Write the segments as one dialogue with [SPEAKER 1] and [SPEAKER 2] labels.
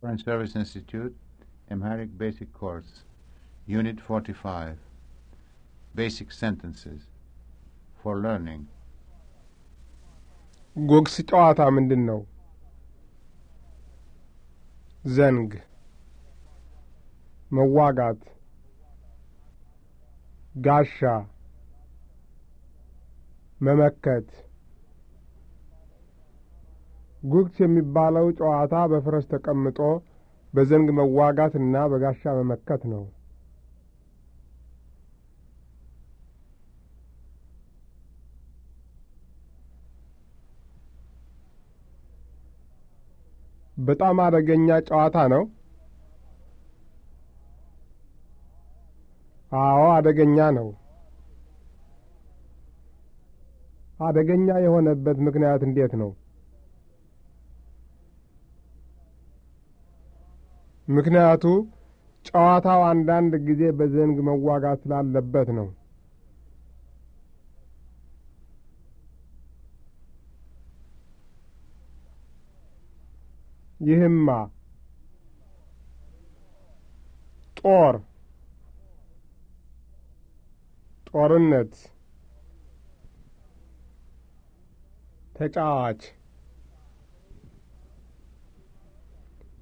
[SPEAKER 1] Foreign Service Institute, Amharic Basic Course, Unit 45, Basic Sentences for Learning. ጎግሲ ጨዋታ ምንድን ነው? ዘንግ፣ መዋጋት፣ ጋሻ፣ መመከት ጉግስ የሚባለው ጨዋታ በፈረስ ተቀምጦ በዘንግ መዋጋትና በጋሻ መመከት ነው። በጣም አደገኛ ጨዋታ ነው። አዎ አደገኛ ነው። አደገኛ የሆነበት ምክንያት እንዴት ነው? ምክንያቱ ጨዋታው አንዳንድ ጊዜ በዘንግ መዋጋት ስላለበት ነው። ይህማ ጦር ጦርነት ተጫዋች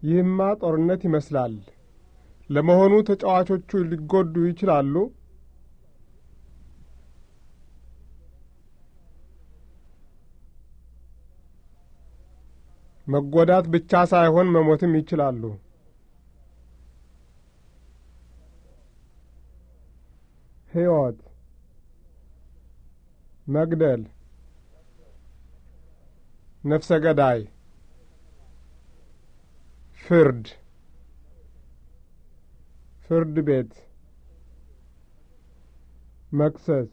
[SPEAKER 1] ይህማ ጦርነት ይመስላል። ለመሆኑ ተጫዋቾቹ ሊጎዱ ይችላሉ? መጎዳት ብቻ ሳይሆን መሞትም ይችላሉ። ሕይወት መግደል ነፍሰ ገዳይ ፍርድ ፍርድ ቤት መክሰስ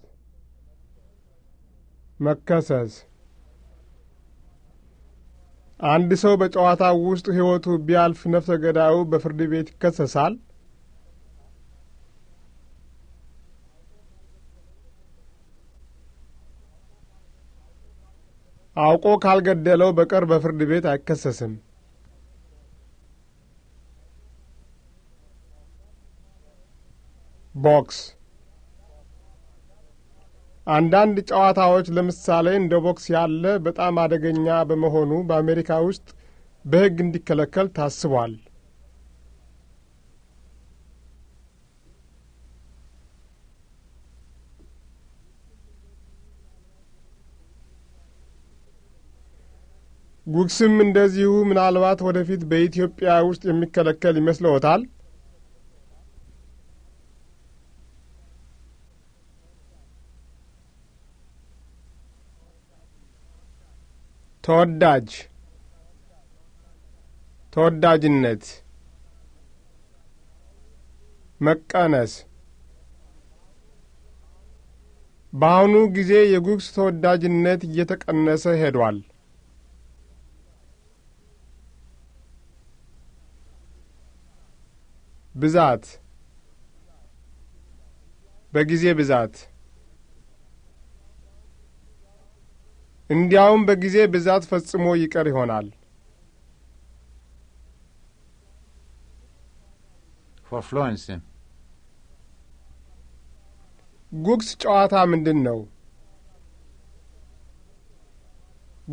[SPEAKER 1] መከሰስ አንድ ሰው በጨዋታ ውስጥ ሕይወቱ ቢያልፍ ነፍሰ ገዳዩ በፍርድ ቤት ይከሰሳል? አውቆ ካልገደለው በቀር በፍርድ ቤት አይከሰስም። ቦክስ አንዳንድ ጨዋታዎች ለምሳሌ እንደ ቦክስ ያለ በጣም አደገኛ በመሆኑ በአሜሪካ ውስጥ በሕግ እንዲከለከል ታስቧል። ጉግስም እንደዚሁ ምናልባት ወደፊት በኢትዮጵያ ውስጥ የሚከለከል ይመስልዎታል? ተወዳጅ ተወዳጅነት መቀነስ በአሁኑ ጊዜ የጉግስ ተወዳጅነት እየተቀነሰ ሄዷል። ብዛት በጊዜ ብዛት እንዲያውም በጊዜ ብዛት ፈጽሞ ይቀር ይሆናል። ጉግስ ጨዋታ ምንድን ነው?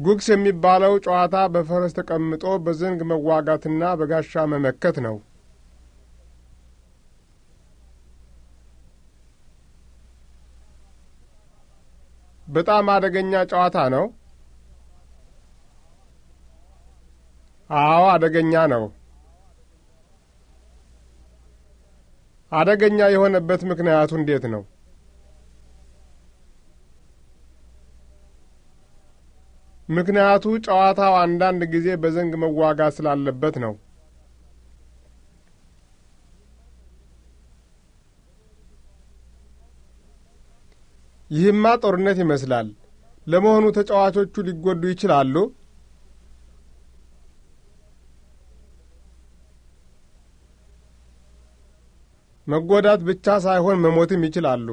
[SPEAKER 1] ጉግስ የሚባለው ጨዋታ በፈረስ ተቀምጦ በዘንግ መዋጋትና በጋሻ መመከት ነው። በጣም አደገኛ ጨዋታ ነው? አዎ፣ አደገኛ ነው። አደገኛ የሆነበት ምክንያቱ እንዴት ነው? ምክንያቱ ጨዋታው አንዳንድ ጊዜ በዘንግ መዋጋት ስላለበት ነው። ይህማ ጦርነት ይመስላል። ለመሆኑ ተጫዋቾቹ ሊጎዱ ይችላሉ? መጎዳት ብቻ ሳይሆን መሞትም ይችላሉ።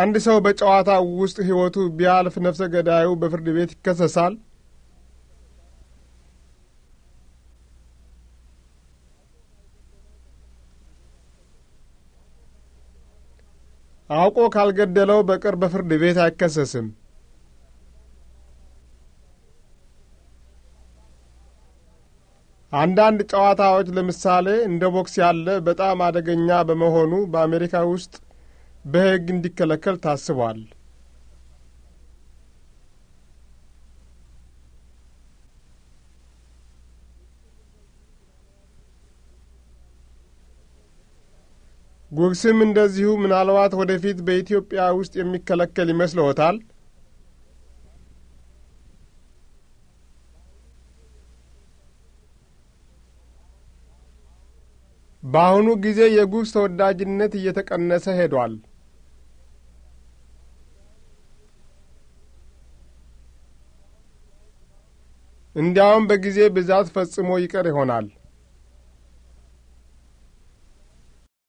[SPEAKER 1] አንድ ሰው በጨዋታው ውስጥ ሕይወቱ ቢያልፍ ነፍሰ ገዳዩ በፍርድ ቤት ይከሰሳል? አውቆ ካልገደለው በቀር በፍርድ ቤት አይከሰስም። አንዳንድ ጨዋታዎች ለምሳሌ እንደ ቦክስ ያለ በጣም አደገኛ በመሆኑ በአሜሪካ ውስጥ በሕግ እንዲከለከል ታስቧል። ጉግስም እንደዚሁ ምናልባት ወደፊት በኢትዮጵያ ውስጥ የሚከለከል ይመስልዎታል? በአሁኑ ጊዜ የጉግስ ተወዳጅነት እየተቀነሰ ሄዷል። እንዲያውም በጊዜ ብዛት ፈጽሞ ይቀር ይሆናል።